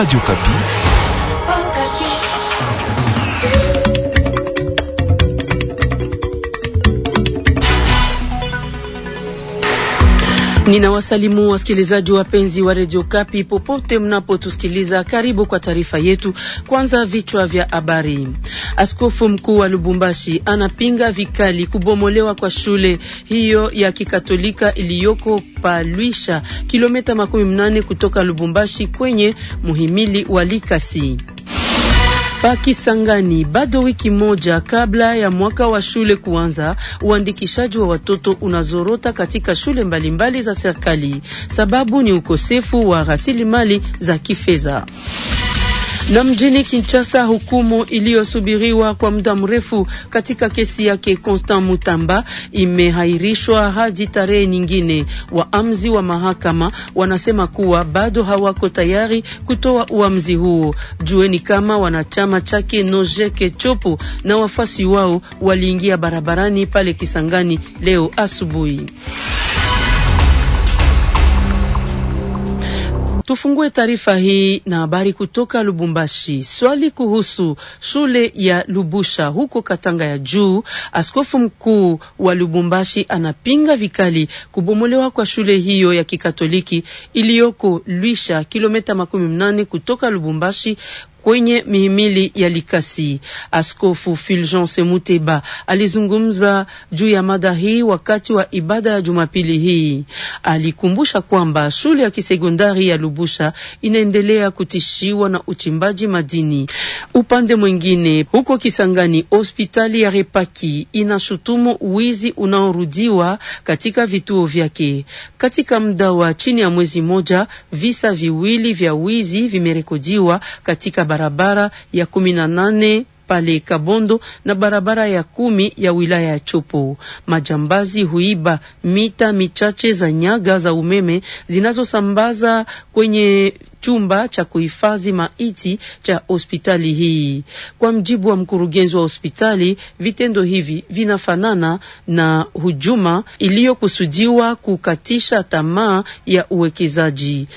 Rádio Capim Ninawasalimu wasikilizaji wapenzi wa redio Kapi popote mnapotusikiliza, karibu kwa taarifa yetu. Kwanza, vichwa vya habari. Askofu mkuu wa Lubumbashi anapinga vikali kubomolewa kwa shule hiyo ya kikatolika iliyoko Palwisha, kilomita makumi mnane kutoka Lubumbashi kwenye muhimili wa Likasi. Pakisangani bado wiki moja kabla ya mwaka wa shule kuanza, uandikishaji wa watoto unazorota katika shule mbalimbali za serikali. Sababu ni ukosefu wa rasilimali za kifedha. Na mjini Kinshasa, hukumu iliyosubiriwa kwa muda mrefu katika kesi yake Constant Mutamba imehairishwa hadi tarehe nyingine. waamzi wa mahakama wanasema kuwa bado hawako tayari kutoa uamzi huo. Jueni kama wanachama chake Nojeke Chopo na wafasi wao waliingia barabarani pale Kisangani leo asubuhi. Tufungue taarifa hii na habari kutoka Lubumbashi. Swali kuhusu shule ya Lubusha huko Katanga ya juu. Askofu mkuu wa Lubumbashi anapinga vikali kubomolewa kwa shule hiyo ya Kikatoliki iliyoko Lwisha, kilomita makumi mnane kutoka Lubumbashi, kwenye mihimili ya Likasi. Askofu Fulgence Muteba alizungumza juu ya mada hii wakati wa ibada ya Jumapili hii. Alikumbusha kwamba shule ya kisekondari ya Lubusha inaendelea kutishiwa na uchimbaji madini. Upande mwingine, huko Kisangani, hospitali ya Repaki inashutumu wizi unaorudiwa katika vituo vyake. Katika muda wa chini ya mwezi mmoja, visa viwili vya wizi vimerekodiwa katika barabara ya kumi na nane pale Kabondo na barabara ya kumi ya wilaya ya Chopo. Majambazi huiba mita michache za nyaga za umeme zinazosambaza kwenye chumba cha kuhifadhi maiti cha hospitali hii. Kwa mjibu wa mkurugenzi wa hospitali, vitendo hivi vinafanana na hujuma iliyokusudiwa kukatisha tamaa ya uwekezaji.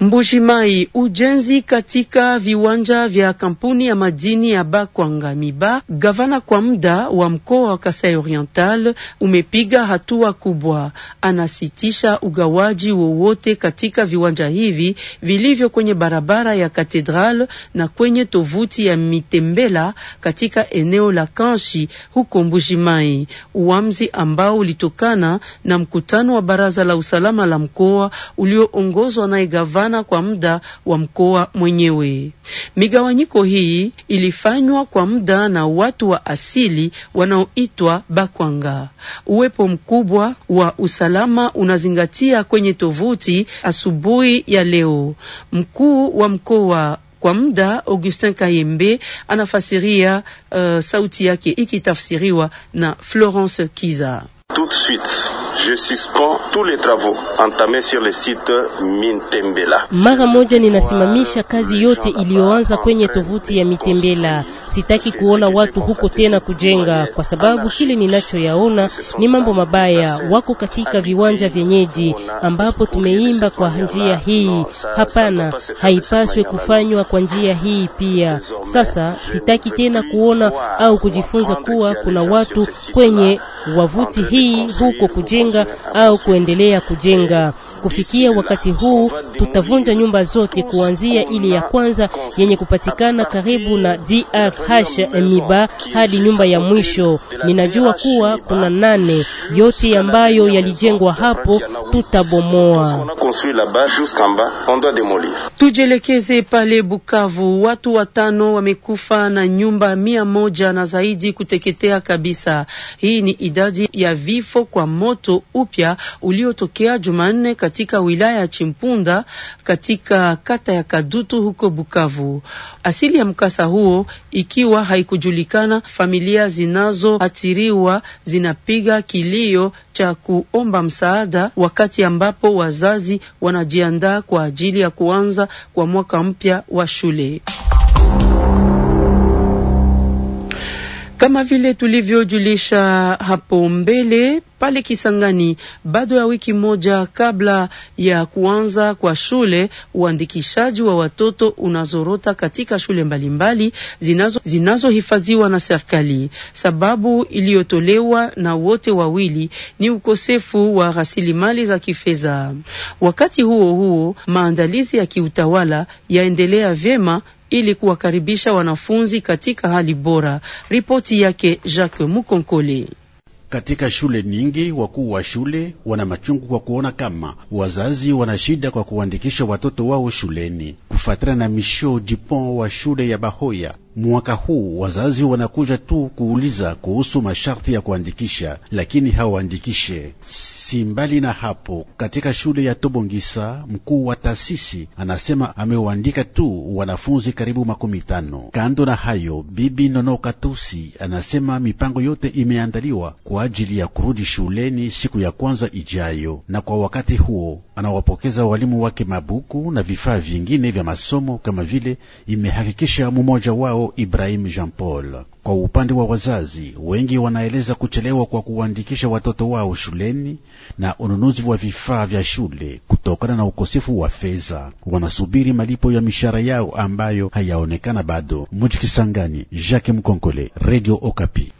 Mbujimai, ujenzi katika viwanja vya kampuni ya madini ya Bakwanga Miba, gavana kwa muda wa mkoa wa Kasai Oriental, umepiga hatua kubwa. Anasitisha ugawaji wowote katika viwanja hivi vilivyo kwenye barabara ya Katedral na kwenye tovuti ya Mitembela katika eneo la Kanshi huko Mbujimai, uwamzi ambao ulitokana na mkutano wa baraza la usalama la mkoa ulioongozwa naye gavana kupatikana kwa muda wa mkoa mwenyewe. Migawanyiko hii ilifanywa kwa muda na watu wa asili wanaoitwa Bakwanga. Uwepo mkubwa wa usalama unazingatia kwenye tovuti asubuhi ya leo. Mkuu wa mkoa kwa muda Augustin Kayembe anafasiria uh, sauti yake ikitafsiriwa na Florence Kiza. Tout de suite je suspends tous les travaux entamés sur le site Mintembela. Mara moja ninasimamisha kazi yote iliyoanza kwenye tovuti ya Mitembela. Sitaki kuona watu huko tena kujenga, kwa sababu kile ninachoyaona ni mambo mabaya. Wako katika viwanja vyenyeji ambapo tumeimba kwa njia hii. Hapana, haipaswi kufanywa kwa njia hii pia. Sasa sitaki tena kuona au kujifunza kuwa kuna watu kwenye wavuti hii huko kujenga kujenga au kuendelea kujenga. Kufikia wakati huu tutavunja nyumba zote kuanzia ile ya kwanza yenye kupatikana karibu na DRH Miba hadi nyumba ya mwisho. Ninajua kuwa kuna nane, yote ambayo yalijengwa hapo tutabomoa. Tujielekeze pale Bukavu, watu watano wamekufa na nyumba mia moja na zaidi kuteketea kabisa. Hii ni idadi ya vifo kwa moto upya uliotokea Jumanne katika katika wilaya ya Chimpunda katika kata ya Kadutu huko Bukavu. Asili ya mkasa huo ikiwa haikujulikana, familia zinazoathiriwa zinapiga kilio cha kuomba msaada wakati ambapo wazazi wanajiandaa kwa ajili ya kuanza kwa mwaka mpya wa shule. Kama vile tulivyojulisha hapo mbele pale Kisangani, bado ya wiki moja kabla ya kuanza kwa shule, uandikishaji wa watoto unazorota katika shule mbalimbali zinazohifadhiwa zinazo na serikali. Sababu iliyotolewa na wote wawili ni ukosefu wa rasilimali za kifedha. Wakati huo huo, maandalizi ya kiutawala yaendelea vyema ili kuwakaribisha wanafunzi katika hali bora. Ripoti yake Jacques Mukonkole. Katika shule nyingi wakuu wa shule wana machungu kwa kuona kama wazazi wana shida kwa kuandikisha watoto wao shuleni. Kufuatana na Misho Jipon wa shule ya Bahoya, Mwaka huu wazazi wanakuja tu kuuliza kuhusu masharti ya kuandikisha, lakini hawaandikishe. Si mbali na hapo, katika shule ya Tobongisa, mkuu wa taasisi anasema amewaandika tu wanafunzi karibu makumi tano. Kando na hayo, bibi Nono Katusi anasema mipango yote imeandaliwa kwa ajili ya kurudi shuleni siku ya kwanza ijayo, na kwa wakati huo anawapokeza walimu wake mabuku na vifaa vingine vya masomo kama vile imehakikisha mmoja wao Ibrahim Jean-Paul. Kwa upande wa wazazi, wengi wanaeleza kuchelewa kwa kuandikisha watoto wao shuleni na ununuzi wa vifaa vya shule kutokana na ukosefu wa fedha. Wanasubiri malipo ya mishahara yao ambayo hayaonekana bado. Mji Kisangani, Jacques Mkonkole, Radio Okapi.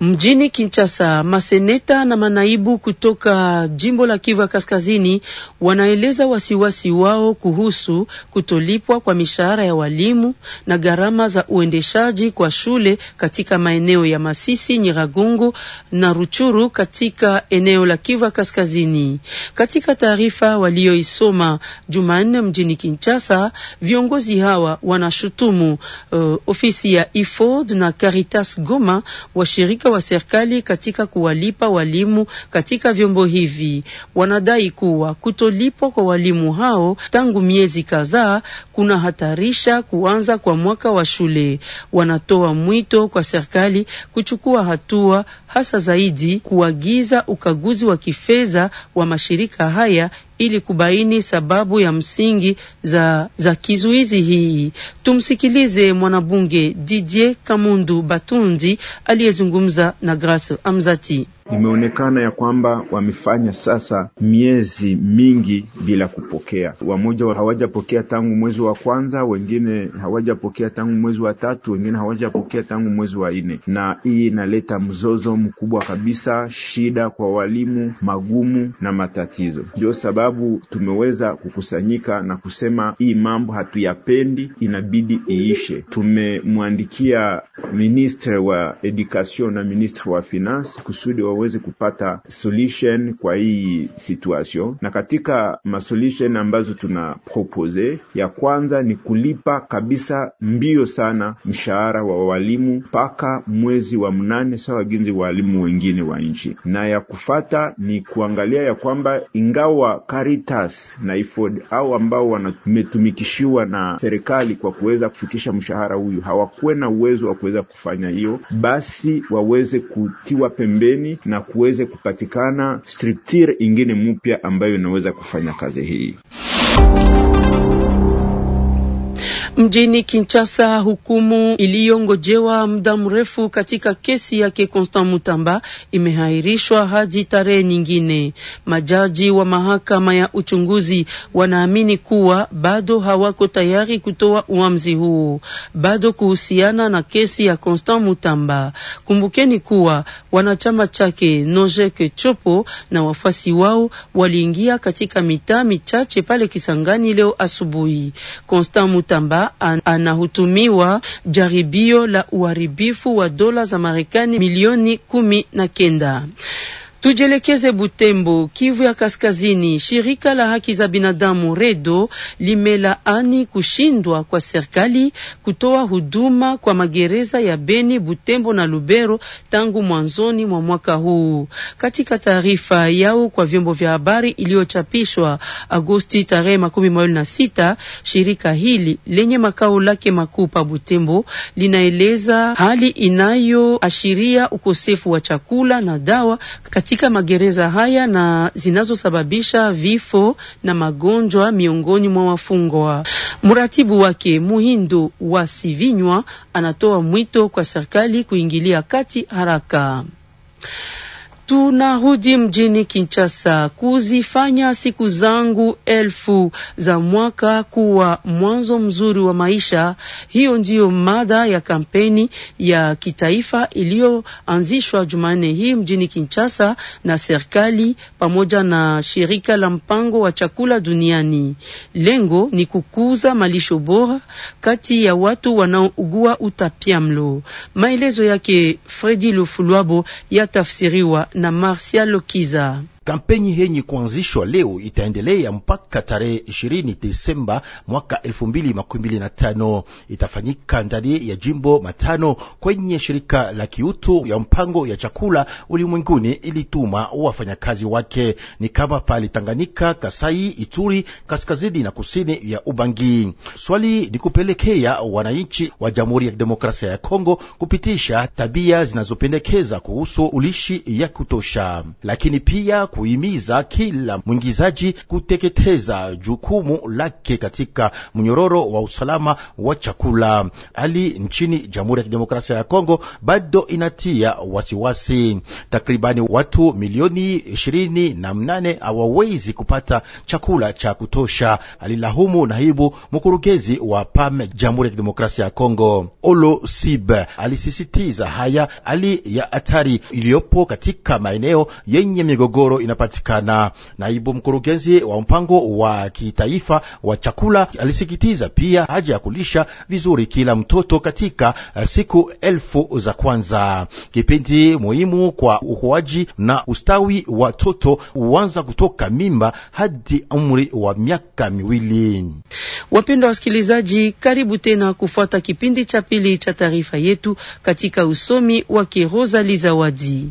Mjini Kinshasa, maseneta na manaibu kutoka jimbo la Kivu ya Kaskazini wanaeleza wasiwasi wao kuhusu kutolipwa kwa mishahara ya walimu na gharama za uendeshaji kwa shule katika maeneo ya Masisi, Nyiragongo na Ruchuru katika eneo la Kivu Kaskazini. Katika taarifa walioisoma Jumanne mjini Kinshasa, viongozi hawa wanashutumu uh, ofisi ya IFOD na Caritas Goma, washirika wa serikali katika kuwalipa walimu katika vyombo hivi. Wanadai kuwa kutolipwa kwa walimu hao tangu miezi kadhaa kunahatarisha kuanza kwa mwaka wa shule. Wanatoa mwito kwa serikali kuchukua hatua hasa zaidi kuagiza ukaguzi wa kifedha wa mashirika haya ili kubaini sababu ya msingi za, za kizuizi hii. Tumsikilize mwanabunge Didier Kamundu batundi aliyezungumza na Grace Amzati. Imeonekana ya kwamba wamefanya sasa miezi mingi bila kupokea. Wamoja hawajapokea tangu mwezi wa kwanza, wengine hawajapokea tangu mwezi wa tatu, wengine hawajapokea tangu mwezi wa nne, na hii inaleta mzozo mkubwa kabisa, shida kwa walimu, magumu na matatizo. Ndio sababu tumeweza kukusanyika na kusema hii mambo hatuyapendi, inabidi iishe. Tumemwandikia ministre wa education na ministre wa finance kusudi wa waweze kupata solution kwa hii situation, na katika masolution ambazo tuna propose, ya kwanza ni kulipa kabisa mbio sana mshahara wa walimu mpaka mwezi wa mnane sawa ginzi walimu wengine wa nchi, na ya kufata ni kuangalia ya kwamba ingawa Caritas na Ifod au ambao wametumikishiwa na serikali kwa kuweza kufikisha mshahara huyu hawakuwe na uwezo wa kuweza kufanya hiyo, basi waweze kutiwa pembeni na kuweze kupatikana structure ingine mpya ambayo inaweza kufanya kazi hii. Mjini Kinshasa, hukumu iliyongojewa muda mrefu katika kesi yake Constant Mutamba imehairishwa hadi tarehe nyingine. Majaji wa mahakama ya uchunguzi wanaamini kuwa bado hawako tayari kutoa uamuzi huu bado kuhusiana na kesi ya Constant Mutamba. Kumbukeni kuwa wanachama chake Nojeke Chopo na wafuasi wao waliingia katika mitaa michache pale Kisangani leo asubuhi. Constant Mutamba an, anahutumiwa jaribio la uharibifu wa dola za Marekani milioni kumi na kenda. Tujielekeze Butembo, Kivu ya Kaskazini. Shirika la haki za binadamu REDO limelaani kushindwa kwa serikali kutoa huduma kwa magereza ya Beni, Butembo na Lubero tangu mwanzoni mwa mwaka huu. Katika taarifa yao kwa vyombo vya habari iliyochapishwa Agosti tarehe makumi mawili na sita, shirika hili lenye makao lake makuu pa Butembo linaeleza hali inayoashiria ukosefu wa chakula na dawa katika katika magereza haya na zinazosababisha vifo na magonjwa miongoni mwa wafungwa. Mratibu wake Muhindu wa Sivinywa anatoa mwito kwa serikali kuingilia kati haraka. Tunarudi mjini Kinshasa kuzifanya siku zangu elfu za mwaka kuwa mwanzo mzuri wa maisha. Hiyo ndiyo mada ya kampeni ya kitaifa iliyoanzishwa Jumanne hii mjini Kinshasa na serikali pamoja na shirika la mpango wa chakula duniani. Lengo ni kukuza malisho bora kati ya watu wanaougua utapiamlo. Maelezo yake Fredi Lufulwabo yatafsiriwa na Martial Lokiza. Kampeni yenye kuanzishwa leo itaendelea mpaka tarehe 20 Desemba mwaka 2025. Itafanyika ndani ya jimbo matano kwenye shirika la kiutu ya mpango ya chakula ulimwenguni ilituma wafanyakazi wake ni kama pale Tanganyika, Kasai, Ituri, kaskazini na kusini ya Ubangi. Swali ni kupelekea wananchi wa Jamhuri ya Demokrasia ya Kongo kupitisha tabia zinazopendekeza kuhusu ulishi ya kutosha, lakini pia kuhimiza kila mwingizaji kuteketeza jukumu lake katika mnyororo wa usalama wa chakula. Hali nchini Jamhuri ya Kidemokrasia ya Kongo bado inatia wasiwasi. Takribani watu milioni ishirini na mnane hawawezi kupata chakula cha kutosha, alilahumu naibu mkurugenzi wa PAM e, Jamhuri ya Kidemokrasia ya Kongo. Olo Sib alisisitiza haya hali ya hatari iliyopo katika maeneo yenye migogoro inapatikana. Naibu mkurugenzi wa mpango wa kitaifa wa chakula alisikitiza pia haja ya kulisha vizuri kila mtoto katika eh, siku elfu za kwanza. Kipindi muhimu kwa ukuaji na ustawi wa toto huanza kutoka mimba hadi umri wa miaka miwili. Wapendwa wasikilizaji, karibu tena kufuata kipindi cha pili cha taarifa yetu katika usomi wa Kiroza Zawadi.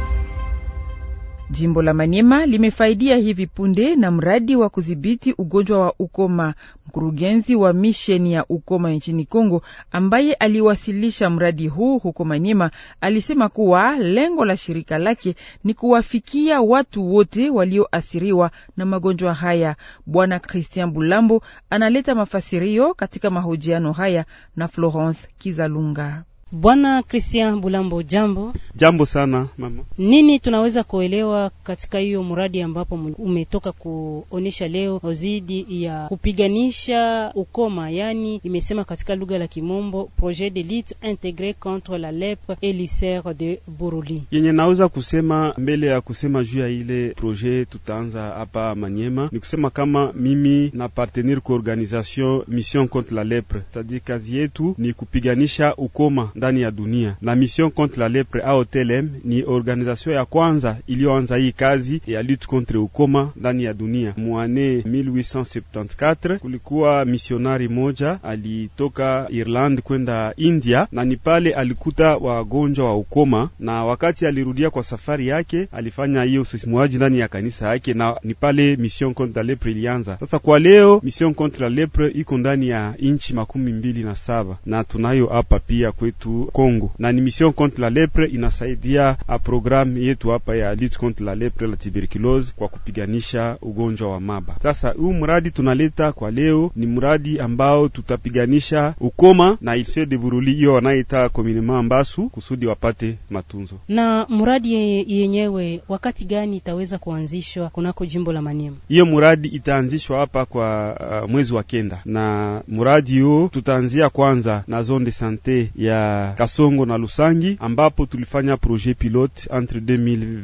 Jimbo la Maniema limefaidia hivi punde na mradi wa kudhibiti ugonjwa wa ukoma. Mkurugenzi wa misheni ya ukoma nchini Kongo, ambaye aliwasilisha mradi huu huko Maniema, alisema kuwa lengo la shirika lake ni kuwafikia watu wote walioathiriwa na magonjwa haya. Bwana Christian Bulambo analeta mafasirio katika mahojiano haya na Florence Kizalunga. Bwana Christian Bulambo, jambo. Jambo sana mama. Nini tunaweza kuelewa katika hiyo mradi ambapo umetoka kuonesha leo zidi ya kupiganisha ukoma, yani imesema katika lugha la Kimombo projet de lutte intégré contre la lepre et l'ulcère de Buruli. Yenye naweza kusema mbele ya kusema juu ya ile projet tutaanza hapa Manyema ni kusema kama mimi na partenir ku organisation mission contre la lepre, c'est-à-dire kazi yetu ni kupiganisha ukoma ndani ya dunia, na Mission Contre la Lepre AOTLM ni organisation ya kwanza iliyoanza hii kazi ya lutte contre ukoma ndani ya dunia. Mwane 1874 kulikuwa misionari moja alitoka Ireland kwenda India, na ni pale alikuta wagonjwa wa ukoma, na wakati alirudia kwa safari yake alifanya hiyo usisimuaji ndani ya kanisa yake, na ni pale Mission Contre la Lepre ilianza. Sasa kwa leo Mission Contre la Lepre iko ndani ya inchi makumi mbili na saba na tunayo hapa pia kwetu yetu Kongo, na ni mission contre la lepre inasaidia a uh, programu yetu hapa ya lutte contre la lepre la tuberculose kwa kupiganisha ugonjwa wa maba. Sasa huu mradi tunaleta kwa leo ni mradi ambao tutapiganisha ukoma na ise de buruli hiyo wanaita kominema mbasu kusudi wapate matunzo. Na mradi yenyewe wakati gani itaweza kuanzishwa kunako jimbo la Maniema? Hiyo mradi itaanzishwa hapa kwa uh, mwezi wa kenda, na mradi huo tutaanzia kwanza na zone de sante ya Kasongo na Lusangi, ambapo tulifanya projet pilote entre 2020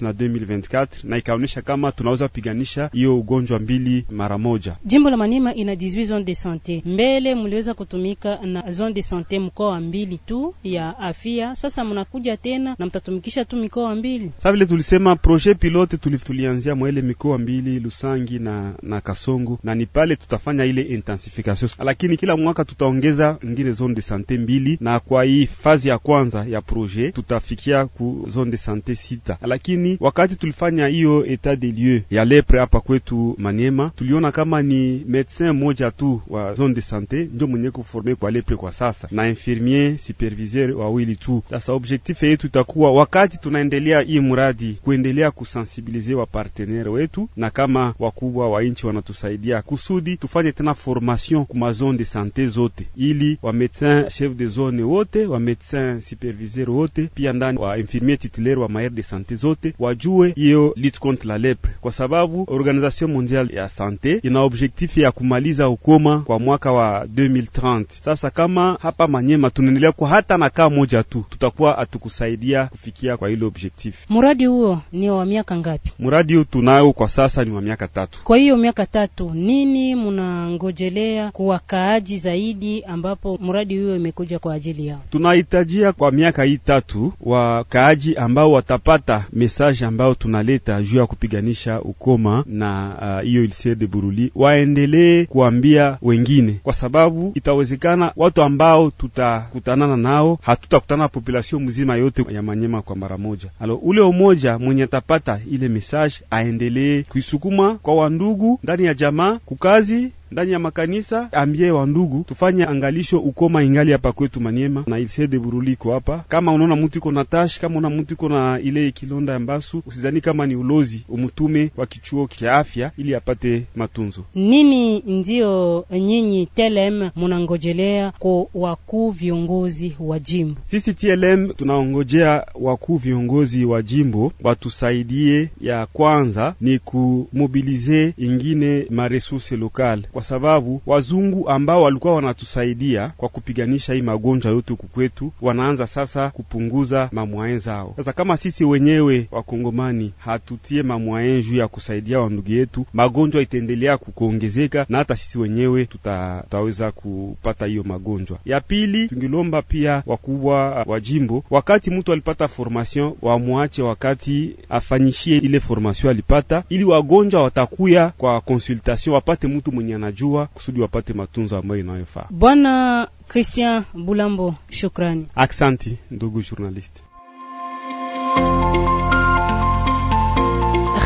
na 2024 na ikaonyesha kama tunaweza piganisha hiyo ugonjwa mbili mara moja. Jimbo la Manema ina 18 zone de santé mbele muliweza kutumika na zone de santé mkoa mbili tu ya afya. Sasa mnakuja tena na mtatumikisha tu mikoa mbili. Sasa vile tulisema projet pilote tulianzia mwaile mikoa mbili Lusangi na, na Kasongo na ni pale tutafanya ile intensification, lakini kila mwaka tutaongeza ngine zone de santé mbili na kwa hii fazi ya kwanza ya proje tutafikia ku zone de sante sita, lakini wakati tulifanya hiyo etat de lieu ya lepre hapa kwetu Maniema, tuliona kama ni medecin moja tu wa zone de sante ndio mwenye kuforme kwa lepre kwa sasa na infirmier superviseur wawili tu. Sasa objektife yetu itakuwa wakati tunaendelea hii muradi kuendelea kusensibilize wa partenere wetu na kama wakubwa wa nchi wanatusaidia kusudi tufanye tena formation ku mazone de sante zote ili wa medecin chef de zone wote wa medecin superviseur wote pia ndani wa infirmier titulaire wa maire de sante zote wajue hiyo lutte contre la lepre, kwa sababu Organisation Mondiale ya Sante ina objectif ya kumaliza ukoma kwa mwaka wa 2030. Sasa kama hapa Manyema tunaendelea kwa hata na kaa moja tu, tutakuwa hatukusaidia kufikia kwa ile objectif. Muradi huo ni wa miaka ngapi? Muradi huo tunao kwa sasa ni wa miaka tatu. Kwa hiyo miaka tatu, nini mnangojelea kuwakaaji zaidi, ambapo muradi huo imekuja kwa ajili ajili yao. Tunahitajia kwa miaka hii tatu wakaaji ambao watapata mesaji ambao tunaleta juu ya kupiganisha ukoma na uh, hiyo uh, ilisier de Buruli, waendelee kuambia wengine, kwa sababu itawezekana watu ambao tutakutanana nao hatutakutana na population mzima yote ya Manyema kwa mara moja. Alo, ule umoja mwenye atapata ile mesaji aendelee kuisukuma kwa wandugu ndani ya jamaa, kukazi ndani ya makanisa, ambie wandugu tufanye angalisho ukoma ingali hapa kwetu Manyema mwema na ise de buruliko hapa. Kama unaona mtu iko na tash kama unaona mtu iko na ile kilonda ya mbasu, usizani kama ni ulozi, umutume kwa kichuo cha afya ili apate matunzo. Nini ndio nyinyi TLM munangojelea kwa wakuu viongozi wa jimbo? Sisi TLM tunaongojea wakuu viongozi wa jimbo watusaidie. Ya kwanza ni kumobilize ingine maresurse lokale, kwa sababu wazungu ambao walikuwa wanatusaidia kwa kupiganisha hii magonjwa yote huku kwetu, wanaanza sasa kupunguza mamwaye zao. Sasa kama sisi wenyewe wakongomani hatutie mamwaye juu ya kusaidia wandugu yetu, magonjwa itaendelea kukuongezeka na hata sisi wenyewe tuta, tutaweza kupata hiyo magonjwa. Ya pili, tungilomba pia wakubwa wa jimbo, wakati mtu alipata formation wamwache, wakati afanyishie ile formation alipata, ili wagonjwa watakuya kwa consultation wapate mtu mwenye anajua kusudi wapate matunzo ambayo inayofaa. Bwana Christian Bulambo shukrani. Aksanti ndugu Journaliste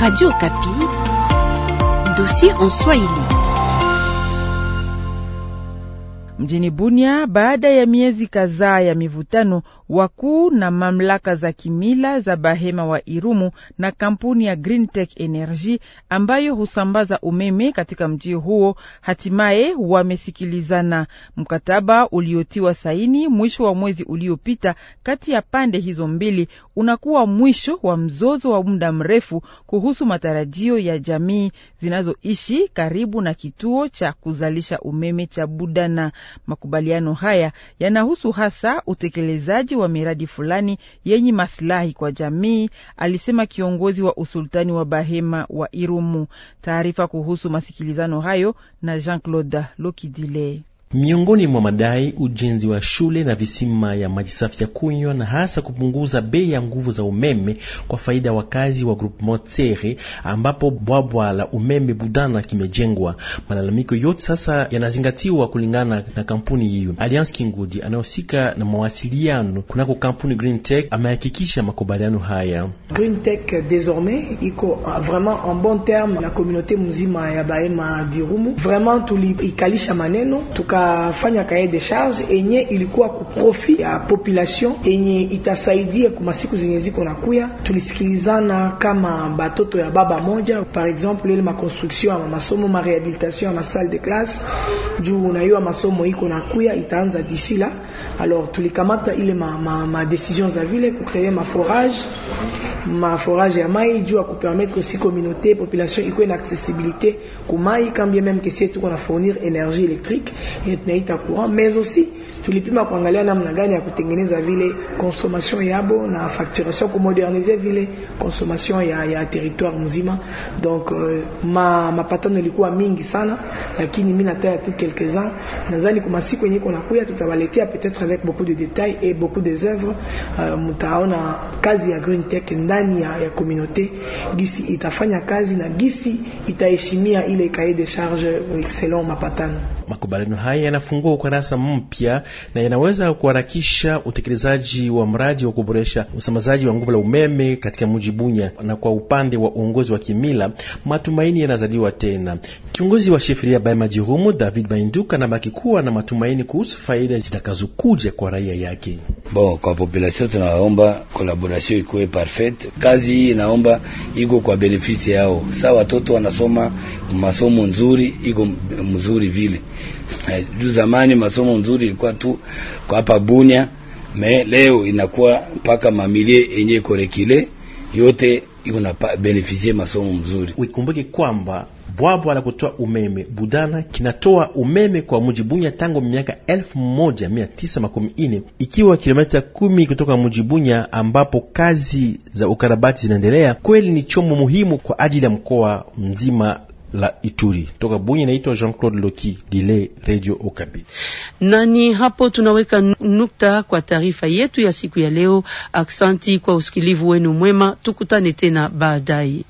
Radio Capi dossier en il. mjini Bunia. Baada ya miezi kadhaa ya mivutano, wakuu na mamlaka za kimila za Bahema wa Irumu na kampuni ya Greentech Energy ambayo husambaza umeme katika mji huo hatimaye wamesikilizana. Mkataba uliotiwa saini mwisho wa mwezi uliopita kati ya pande hizo mbili unakuwa mwisho wa mzozo wa muda mrefu kuhusu matarajio ya jamii zinazoishi karibu na kituo cha kuzalisha umeme cha Budana. Makubaliano haya yanahusu hasa utekelezaji wa miradi fulani yenye masilahi kwa jamii, alisema kiongozi wa usultani wa Bahema wa Irumu. Taarifa kuhusu masikilizano hayo na Jean Claude Lokidile. Miongoni mwa madai ujenzi wa shule na visima ya maji safi ya kunywa na hasa kupunguza bei ya nguvu za umeme kwa faida ya wakazi wa Groupement tere ambapo bwabwa la umeme Budana kimejengwa. Malalamiko yote sasa yanazingatiwa kulingana na kampuni hiyo. Alliance Kingudi anayehusika na mawasiliano kunako kampuni Green Tech amehakikisha makubaliano haya. Green Tech désormais iko vraiment en bon terme na communauté mzima ya Dirumu. Vraiment tuliikalisha maneno tuka tutafanya kae de charge enye ilikuwa profit ya population enye itasaidia kuma siku zenye ziko nakuya. Tulisikilizana kama batoto ya baba moja, par exemple ile ma construction ya masomo ma rehabilitation ya salle de classe juu unaiwa masomo iko na nakuya itaanza d'ici Alors tulikamata ile ma, ma, ma decision za vile kukreye ma forage forage ya mai juu ya permettre aussi communauté population ikuwe na accessibilité kumai quand bien même que tout tuko na fournir énergie électrique internet tunaita courant mais aussi tulipima kuangalia namna gani ya kutengeneza vile consommation yabo na facturation kumodernize vile consommation ya, ya territoire mzima donc euh, ma mapatano ilikuwa mingi sana lakini mimi nataya tu quelques-uns nadhani kwa masiku yenyewe kuya tutawaletea peut-être avec beaucoup de détails et beaucoup des œuvres euh, mtaona kazi ya green tech ndani ya, ya communauté gisi itafanya kazi na gisi itaheshimia ile cahier de charge selon mapatano makubaliano haya yanafungua ukurasa mpya na inaweza kuharakisha utekelezaji wa mradi wa kuboresha usambazaji wa nguvu la umeme katika mji Bunya. Na kwa upande wa uongozi wa kimila, matumaini yanazaliwa tena. Kiongozi wa shefria Baima Jirumu David bainduka anabaki kuwa na matumaini kuhusu faida zitakazokuja kwa raia yake. Bon, kwa population tunaomba collaboration ikuwe parfaite. Kazi hii inaomba iko kwa benefisi yao, sawa watoto wanasoma masomo nzuri, iko mzuri vile eh, juu zamani masomo nzuri ilikuwa yetu kwa hapa Bunya, me leo inakuwa mpaka mamilie enye korekile yote iko benefisie masomo mzuri. Uikumbuke kwamba bwabwa la kutoa umeme Budana kinatoa umeme kwa mji Bunya tangu miaka 1940 ikiwa kilomita kumi kutoka mji Bunya ambapo kazi za ukarabati zinaendelea. Kweli ni chombo muhimu kwa ajili ya mkoa mzima la Ituri. Toka Bunya naitwa Jean-Claude Loki Dile, Radio Okapi. Nani hapo tunaweka nukta kwa taarifa yetu ya siku ya leo. Aksanti kwa usikilivu wenu mwema, tukutane tena baadaye.